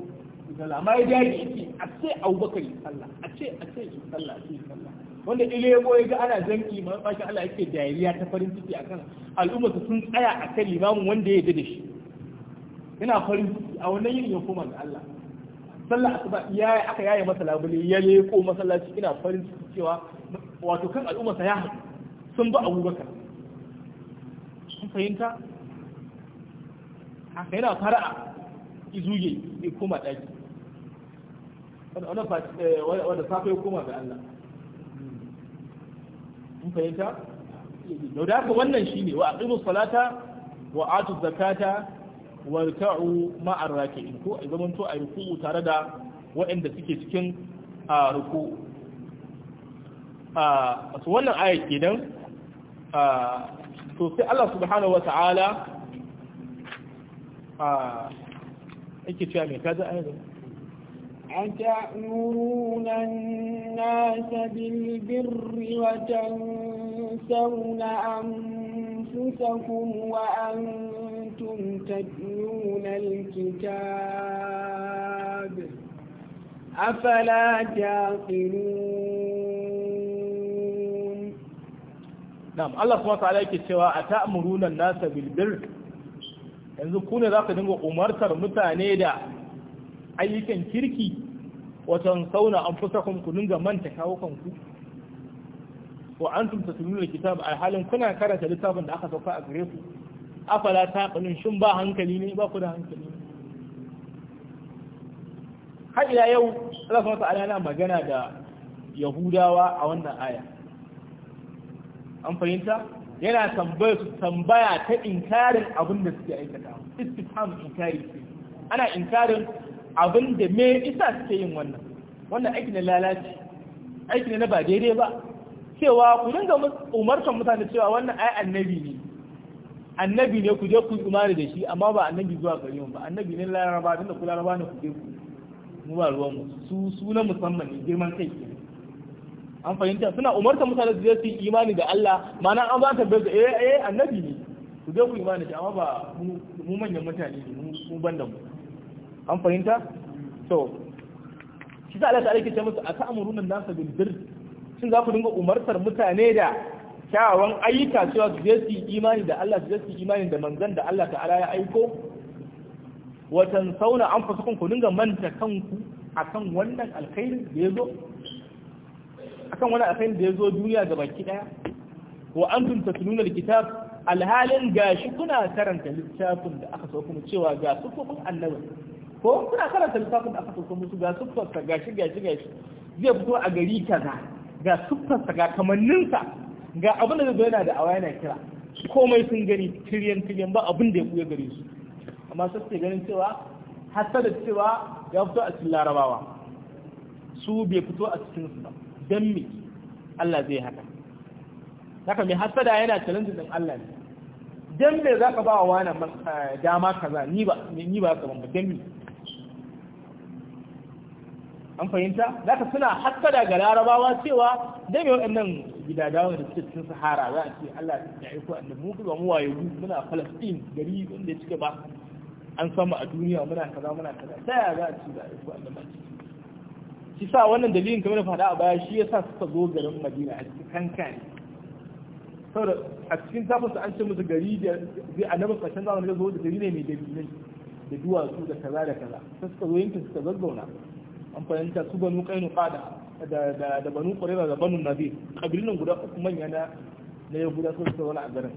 sallah amma ya dage shi a ce abubakar ya sallah a ce a ce ya sallah a ce ya sallah wanda ilego ya ga ana zanki ma bashi Allah yake dariya ta farin ciki akan al'ummar sun tsaya akan limamin wanda ya yi da shi yana farin ciki a wannan yin ya koma ga Allah sallah asuba ya aka yaye masa labule ya ko masallaci ina farin ciki cewa wato kan al'umma sa ya haɗu sun ba abubakar sun fahimta haka yana fara'a izuge ya koma ɗaki eh, wanda safe ya koma ga Allah sun fahimta da haka wannan shine wa aqimu salata wa atu zakata warka'u ma'ar raki'in ko a zaman to a ruku'u tare da waɗanda suke cikin a ruku'u a su wannan aya kenan a to sai Allah subhanahu wata'ala a yake cewa أتأمرون الناس بالبر وتنسون أنفسكم وأنتم تتلون الكتاب أفلا تعقلون نعم الله سبحانه وتعالى يكتشف أتأمرون الناس بالبر yanzu ku ne za ka dinga umartar mutane da ayyukan kirki watan sauna an fusa ku dinga manta kawo kanku wa antum tatluna kitab alhalin kuna karanta littafin da aka sauka a gare ku afala taqilun shin ba hankali ne ba ku da hankali ne har ila yau Allah subhanahu ta'ala magana da Yahudawa a wannan aya an fahimta yana tambaya su tambaya ta inkarin abin da suke aikata istifham inkari ce ana inkarin abin da me isa suke yin wannan wannan aiki na lalaci aiki ne na ba daidai ba cewa ku dinga umartan mutane cewa wannan ai annabi ne annabi ne ku je ku imani da shi amma ba annabi zuwa gari mu ba annabi ne laraba tunda ku laraba ne ku je ku mu ba ruwan mu su su na musamman ne girman kai ke an fahimta suna umartan mutane su je su imani da Allah ma'ana an ba ta bai eh eh annabi ne ku je ku imani da amma ba mu manyan mutane ne mu ban da mu an fahimta so shi ta Allah ta alike ce musu ata'muruna nasa bil birr shin za ku dinga umartar mutane da kyawawan ayyuka cewa su je su imani da Allah su je su imani da manzan da Allah ta'ala ya aiko watan sauna an fasa ku dinga manta kanku akan wannan alkhairin da yazo akan wannan alkhairi da yazo duniya ga baki daya wa antum tatluna alkitab alhalin gashi kuna karanta littafin da aka so kuma cewa ga sukukun annabi ko kuna karanta littafin da aka sauka musu ga siffarsa ga shi ga shi ga shi zai fito a gari kaza ga siffarsa ga kamanninsa ga abin da zai yana da awa yana kira komai sun gani tiriyan tiriyan ba abin da ya buya gare su amma sai su ganin cewa hatta da cewa ya fito a cikin larabawa su bai fito a cikin su ba dan me Allah zai haka haka mai hasada yana challenge din Allah ne dan me zaka ba wa wani eh, dama kaza ni ba ni ba ka ban dan me an fahimta za ka suna hassada ga larabawa cewa dai mai waɗannan gidadawa da suke cikin sahara za a ce Allah ya aiko annabi mu ba mu waye mu muna Palestine gari wanda cike ba an samu a duniya muna kaza muna kaza ta yaya za a ci da aiko annabi shi sa wannan dalilin kamar da faɗa a baya shi yasa suka zo garin Madina a cikin kankani saboda a cikin tafasa an ce musu gari da zai annabi ƙarshen zamani ya zo da gari ne mai dalilai da duwatsu da kaza da kaza sai suka zo yankin suka zazzauna an fahimta su banu kainu fada da banu ƙwarera da banu nabi ƙabilun guda uku manya na na ya guda sun su wani a garin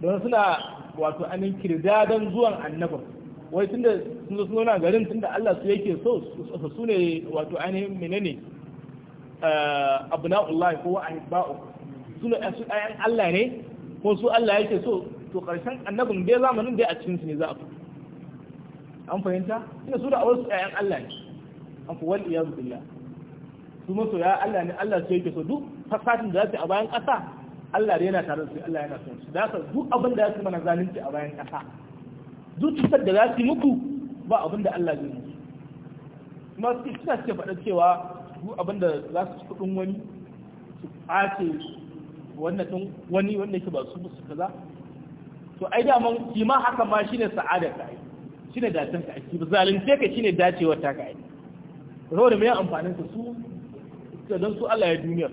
don suna wato anin don zuwan annabin wai tunda sun zo suna garin tunda Allah su yake so su ne wato ainihin menene eh, abna'ullahi ko ahibba'u su ne su ayan Allah ne ko su Allah yake so to karshen annabin dai zamanin dai a cikin su ne za a fito an fahimta ina su da awar su ayan Allah ne afu iyad iyadu billah su ya Allah ne Allah sai yake so duk fasatin da zai a bayan ƙasa Allah da yana tare da su Allah yana son su da haka duk abin da zai mana zalunci a bayan ƙasa duk cutar da zai muku ba abin da Allah zai muku kuma su suna suke faɗa cewa duk abin da za su kuɗin wani su ɓace wannan tun wani wanda yake ba su su kaza to ai da man kima haka ma shine sa'adar ka ai shine dacin ka ai zalunce ka shine dacewar ta ka ai saboda me amfanin su su don su Allah ya duniya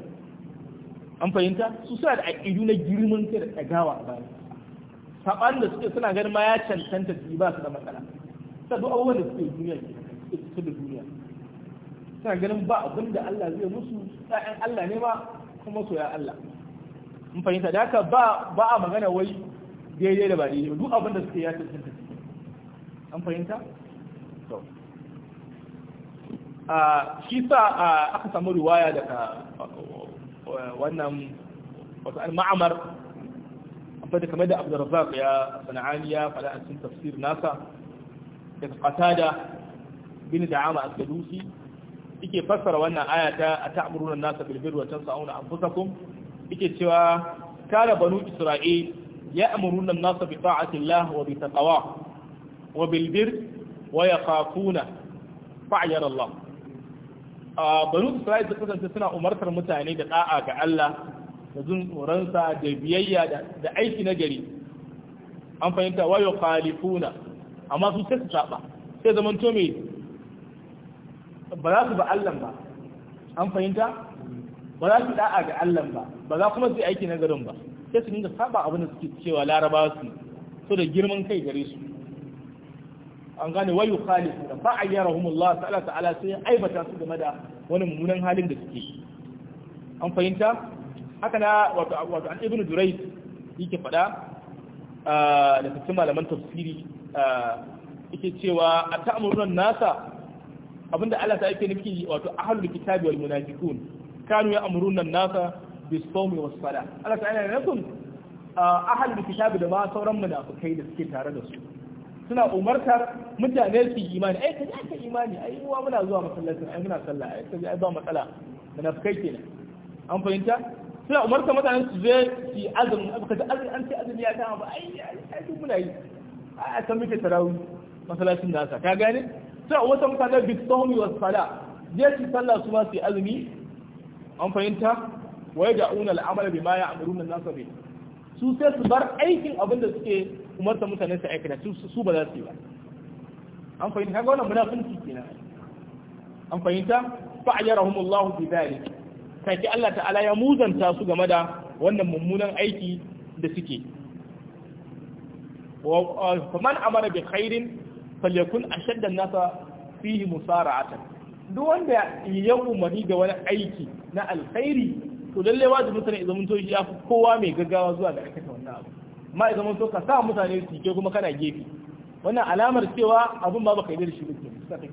an fahimta su suna da aƙidu na girman kai da tsagawa a baya saɓan da suke suna ganin ma ya cancanta su ba su da matsala duk abubuwan da suke duniya ke su da duniya suna ganin ba abin da Allah zai musu ɗayan Allah ne ma kuma soya Allah An fahimta da haka ba a magana wai daidai da ba daidai duk abin da suke ya cancanta an fahimta shi sa aka samu riwaya daga wannan wasu al-ma'amar fada kamar da abu da ya sana'ani ya fada a cikin tafsir nasa daga qatada bin da'ama as-sadusi yake fassara wannan aya ta ata'muruna an-nasa bil birri wa tansa'una anfusakum yake cewa kana banu isra'il ya an-nasa bi ta'ati Allah wa bi taqwa wa bil birri wa kafuna. fa'yara Allah banu Isra'il su kasance suna umartar mutane da da'a ga Allah da zun tsoronsa da biyayya da aiki na gari an fahimta wayo khalifuna amma su sai su saba sai zaman to me ba za su ba Allah ba an fahimta ba za su da'a ga Allah ba ba za kuma su aiki na garin ba sai su dinga saba abin da suke cewa larabawa su so da girman kai gare su an gane wayu da ba ayyarahum Allah ta'ala ta'ala sai aibata su game da wani mummunan halin da suke an fahimta haka na wato wato an ibnu durais yake faɗa da cikin malaman tafsiri yake cewa a ta'amurun nasa abinda Allah ta yake nufi wato ahlul kitabi wal munafiqun kanu ya'muruna nasa bis sawmi was salah Allah ta yana nufin ahlul kitabi da ma sauran munafikai da suke tare da su suna umartar mutane su imani ai kaji aka imani ai uwa muna zuwa masallacin ai muna sallah ai kaji ai ba matsala munafikai kenan an fahimta suna umartar mutane su je su azumi abu kaji azumi an ce azumi ya kama ba ai ai duk muna yi a san muke tarawih masallacin nasa ka gane suna wata mutane bi Tsohon, wa sala je su sallah su ma su azumi an fahimta wa yad'una al-amala bima ya'muruna an nan bi su sai su bar aikin da suke umarta mutane su aikata su ba za su yi ba an fahimta kaga wannan munafinci kenan an fahimta fa ajarahum Allah bi dhalik sai Allah ta'ala ya muzanta su game da wannan mummunan aiki da suke faman amara bi khairin falyakun ashadda an-nasa fihi musara'atan duk wanda ya umarni da wani aiki na alkhairi to lalle wajibi mutane idan mun to ya fi kowa mai gaggawa zuwa ga aikata wannan abu ma ya zama so ka sa mutane su ke kuma kana gefe wannan alamar cewa abun ba baka yi da shi ba sa kake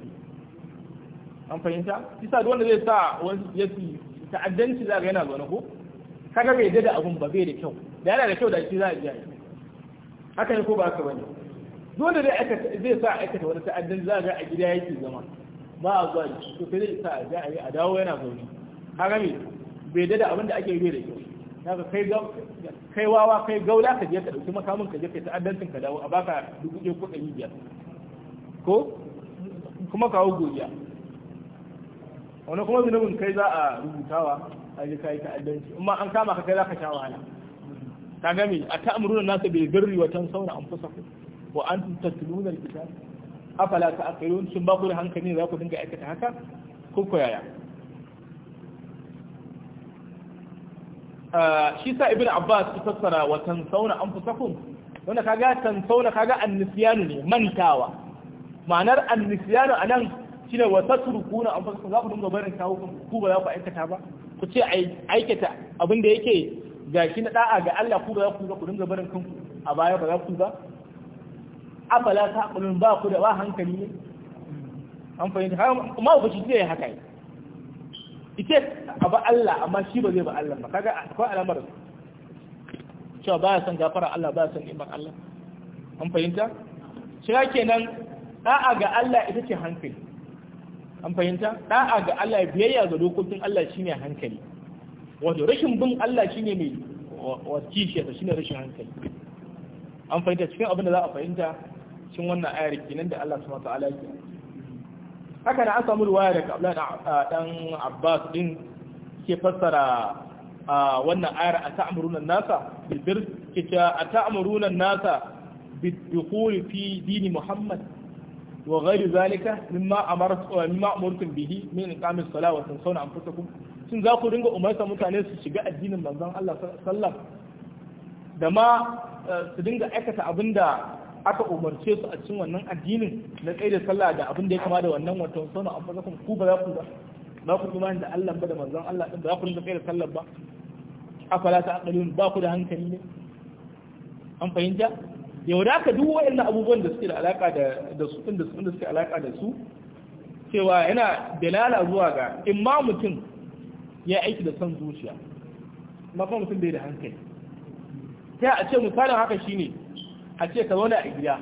an fahimta shi sa wanda zai sa wani ya ci ta'addanci za ga yana zaune ko kaga bai da abun ba bai da kyau da yana da kyau da shi za a ji haka ne ko ba haka bane dole dai aka zai sa aikata wani ta'addanci za ga a gida yake zama ba a zuwa to sai zai sa a ji a dawo yana zaune kaga me bai da abin da ake yi bai da kyau daga kai ga kai wawa kai gaula ka je ka dauki makamin ka je kai ta'addancin ka dawo a baka dubu ɗaya ko ɗari biyar ko kuma kawo godiya wani kuma zunubin kai za a rubutawa a je kai ta'addanci amma an kama ka kai za ka sha wahala ka ga me a ta'amuruna nasu bai birri wa tansawna anfusakum wa antum al-kitab afala ta'qilun sun ba ku hankali za ku dinga aikata haka ko koyaya yaya shi sa ibn abbas ku fassara wa tansauna anfusakum wanda kaga tansauna kaga annisiyanu ne mantawa ma'anar annisiyanu anan shine wa tatrukuna anfusakum za ku dinga barin kawo ku ba za ku aikata ba ku ce aikata abin da yake gashi na da'a ga Allah ku ba za ku ku dinga barin kanku a baya ba za ku ba afala ta kulun ba ku da ba hankali ne an fahimta ma ku shi ne haka ite a ba Allah amma shi ba zai ba Allah ba kaga akwai alamar cewa ba ya san gafara Allah ba ya san iman Allah an fahimta shiga kenan da'a ga Allah ita ce hankali an fahimta da'a ga Allah biyayya ga dokokin Allah shine hankali wato rashin bin Allah shine mai wakishiyarsa shine rashin hankali an fahimta cikin abin da za a fahimta cikin wannan ayar kenan da Allah subhanahu wa ta'ala yake haka na an samu ruwaya daga Abdullah ah, dan Abbas din ke fassara a wannan ayar a ta'amuruna nasa bilbir ke ce a ta'amuruna nasa bidukuri fi dini muhammad wa ghairi zalika mimma amartu bihi min iqamis salat wa tansawna anfusakum sun za ku umarta mutane su shiga addinin manzon Allah da ma e, su dinga aikata abinda aka umarce su a cikin wannan addinin na tsaye da sallah da abin da ya kama da wannan wato sauna an ku ba za ku ba ba ku kuma da Allah ba da manzon Allah din ba ku rinka kai da sallar ba afala ta aqalun ba ku da hankali ne an fahimta yau da ka duk wayannan abubuwan da suke da alaka da da su din da su suke alaka da su cewa yana dalala zuwa ga imma mutum ya aiki da son zuciya amma kuma mutum bai da hankali ta a ce misalin haka shine a ce ka zauna a gida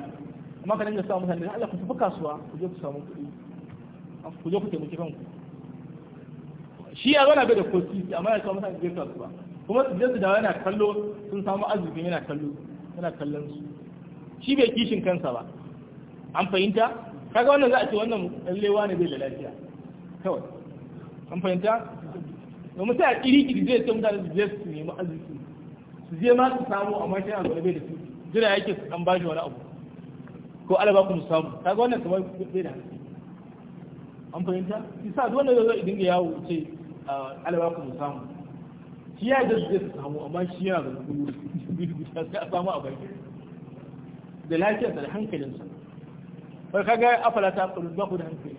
amma ka dinga samun mutane Allah ku tafi kasuwa ku je ku samu kuɗi ku je ku taimaki kanku shi ya zauna bai da kosti amma ya kawo mutane zai kasu ba kuma su je su dawo yana kallo sun samu arziki yana kallo yana kallon su shi bai kishin kansa ba an fahimta kaga wannan za a ce wannan lalle ne bai da lafiya kawai an fahimta domin sai a kiri kiri zai ce mutane su je su nemi arziki su je ma su samu amma shi yana zaune bai da su jira yake su dan bashi wani abu ko alaba ku samu kaga wannan kamar bai da an fahimta shi sa duk wanda zai dinga yawo ce alaba ku samu shi ya da su samu amma shi yana da gudu ta a samu a baki da lafiyarsa da hankalinsa bai kaga afala ta ƙudu ba ku da hankali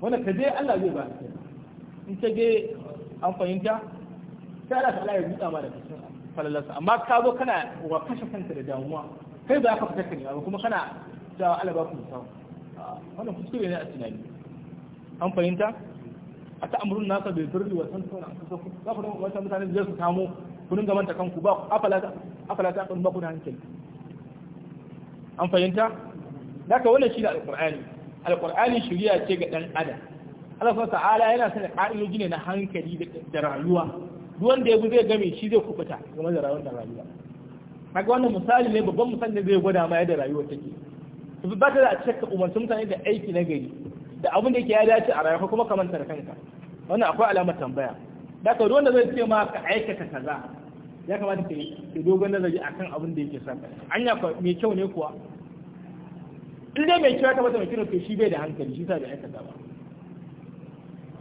wanda ka je Allah zai ba in ka je an fahimta sai Allah ta'ala ya buɗa ma da kasan falalarsa amma ka zo kana wa kashe kanta da damuwa kai ba ka fita ka ba kuma kana da ba ku samu wannan kuskure ne a tunani an fahimta a ta amurin nasa bai turbi wa san tona za ku da wata mutane zai su samu ku dinga manta kanku ba afala afala ta ba ku hankali an fahimta daga wannan shi ne Alƙur'ani. Alƙur'ani shiriya ce ga ɗan adam Allah Sa'ala ta'ala yana sanin ka'idoji ne na hankali da rayuwa duk wanda ya bi zai game shi zai kubuta game da rayuwar da rayuwa kaga wannan misali ne babban misali ne zai gwada ma yadda rayuwa take su ba ta da a cika umarci mutane da aiki na gari da abin da yake ya dace a rayuwa kuma ka manta da kanka wannan akwai alamar tambaya da ka wanda zai ce ma ka aikata kaza ya kamata ka yi dogon nazari akan abin da yake son anya mai kyau ne kuwa in dai mai kyau ya kamata mai kyau shi bai da hankali shi sa da aikata ba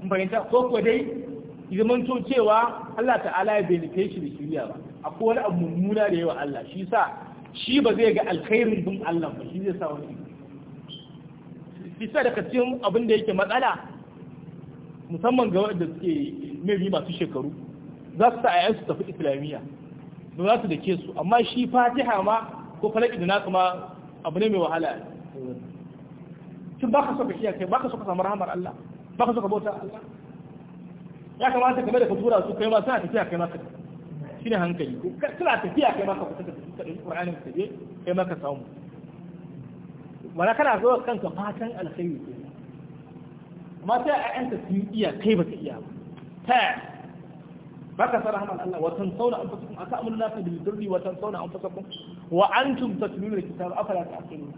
in fahimta ko kuwa dai zaman to cewa Allah ta'ala ya benefit shi da shiriya ba akwai wani abu mummuna da yawa Allah shi sa shi ba zai ga alkhairin bin Allah ba shi zai sa wani bisa daga cikin abin da yake matsala musamman ga wanda suke maybe masu shekaru za su sa su tafi islamiyya don za su dake su amma shi fatiha ma ko falaki da nasu ma abu ne mai wahala tun ba ka so ka kiyaye ba ka so ka samu rahamar Allah ba ka so ka bauta Allah ya kamata kamar da ka tura su kai ma suna tafiya kai ma ka shine hankali suna tafiya kai ma ka tafi kai ma ka samu mana kana zo kanka fatan alkhairi ke amma sai a yanta sun iya kai ba ta iya ba. ta baka sa rahman Allah wa tansawna aka amul lafi bil birri wa an anfusakum wa antum tatluna kitab afala ta'qilun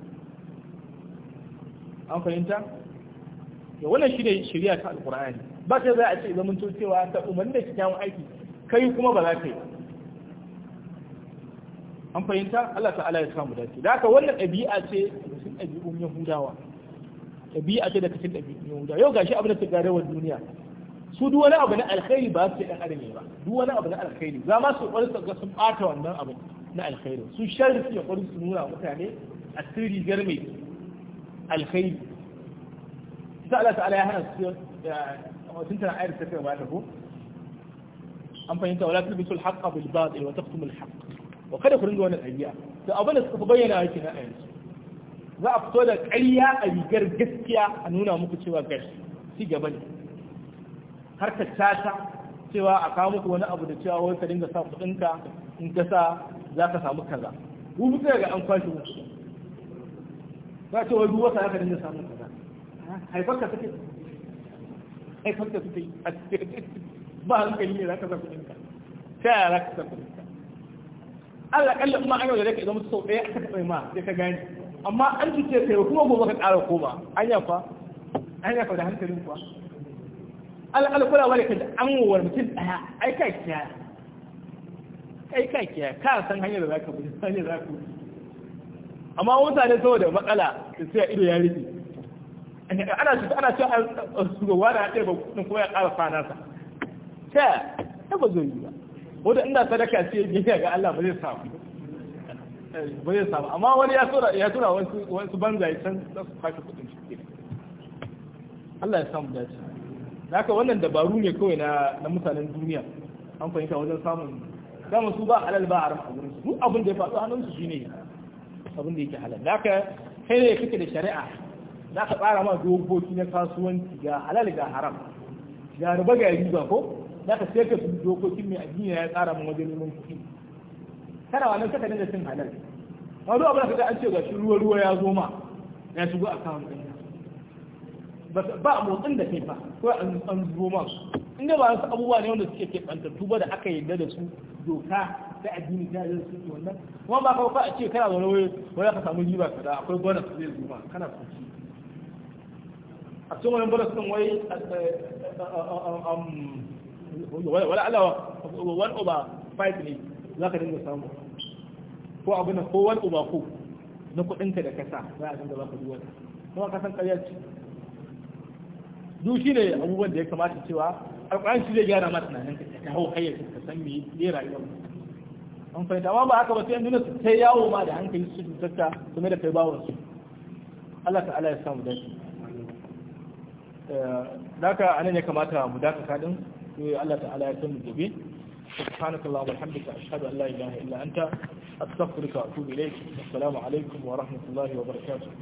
an fahimta ya wannan shi ne shari'a ta alqur'ani ba sai za a ce zaman to cewa ta umarni da kyakkyawan aiki kai kuma ba za ka yi an fahimta Allah ta'ala ya samu dace da haka wannan ɗabi'a ce cikin ɗabi'un Yahudawa ɗabi'a ce da cikin ɗabi'un Yahudawa yau gashi abin da ta gare duniya su duk wani abu na alkhairi ba su ɗan adam ba duk wani abu na alkhairi za ma su ƙwari su sun ɓata wannan abu na alkhairi su sharri su ƙwari su nuna mutane a asiri garme alkhairi sai Allah ta'ala ya hana su sun eh, tana ayar ta kai ba ta ko an fahimta wala tulbisul haqqa bil batil wa taqtumul haqq ba kada ku ringa wannan ɗabi'a to abin da suka fi bayyana yake na yanzu za a fito da ƙarya a rigar gaskiya a nuna muku cewa gashi ci gaba ne ka tata cewa a kawo muku wani abu da cewa wai ka dinga sa kuɗinka in ka sa za ka samu kaza ku mutu daga an kwashe musu za ce wai duwata za ka dinga samun kaza haifarka suke haifarka suke *laughs* ba hankali ne za ka sa kuɗinka ta yara ka sa kuɗinka Allah kalla kuma an yau da zaka idan mutu sau ɗaya aka taɓa ma sai ka gane amma an ce kai kuma gobe ka ƙara koma an yafa an yafa da hankalin kuwa Allah kalla kula wale kan da an wuwar mutum ɗaya ai ka kiya kai ka kiya ka san hanyar da zaka bi hanyar da zaka bi amma mutane saboda matsala da sai ido ya rufe ana shi ana shi a shugaba da haɗe ba kuma ya ƙara fa nasa, ta ta ba zo yi ba wadda da inda sadaka ce biya ga Allah ba zai samu ba zai samu amma wani ya tura ya tura wasu wasu banza san za su kashe kudin shi Allah ya samu dace haka wannan dabaru ne kawai na na mutanen duniya an fahimta wajen samun dama su ba halal ba haram a gurin su abin da ya faɗo hannun su shine abin da yake halal haka kai ne kake da shari'a za ka tsara ma dokoki na kasuwanci ga halal ga haram ga riba ga riba ko za sai ka su dokokin mai addini ya tsara mu wajen neman kuɗi kana wannan saka dinga cin halal wani abu da kaga an ce ga shi ruwa ruwa ya zo ma ya shigo a kan ɗaya. ba a motsin da kai ba ko an an zo ma inda ba wasu abubuwa ne wanda suke ke bantattu ba da aka yarda da su doka ta addini ta yarda su ke wannan kuma ba ko a ce kana zaune wai wai ka samu ka da, akwai su zai zo ma kana kuci a cikin wani bonus din wai eh, eh, eh, um, wala alawa one over five ne za ka dinga samu ko abu na ko one over ko na kuɗinka da kasa za a dinga ba ka duwata kuma kasan ƙarya ce duk shi ne abubuwan da ya kamata cewa alƙwari shi zai gyara ma tunanin ka ta hau hayyar ka san me ne rayuwar an fahimta amma ba haka ba sai an nuna su ta yawo ma da hankali su cutarta su mai da kai bawon su Allah ta'ala ya samu dace eh, da a nan ya kamata mu dakata din Allah ta'ala ya san gobe subhanakallah wa bihamdika ashhadu an la ilaha illa anta astaghfiruka wa atubu ilayk assalamu alaikum wa rahmatullahi wa barakatuh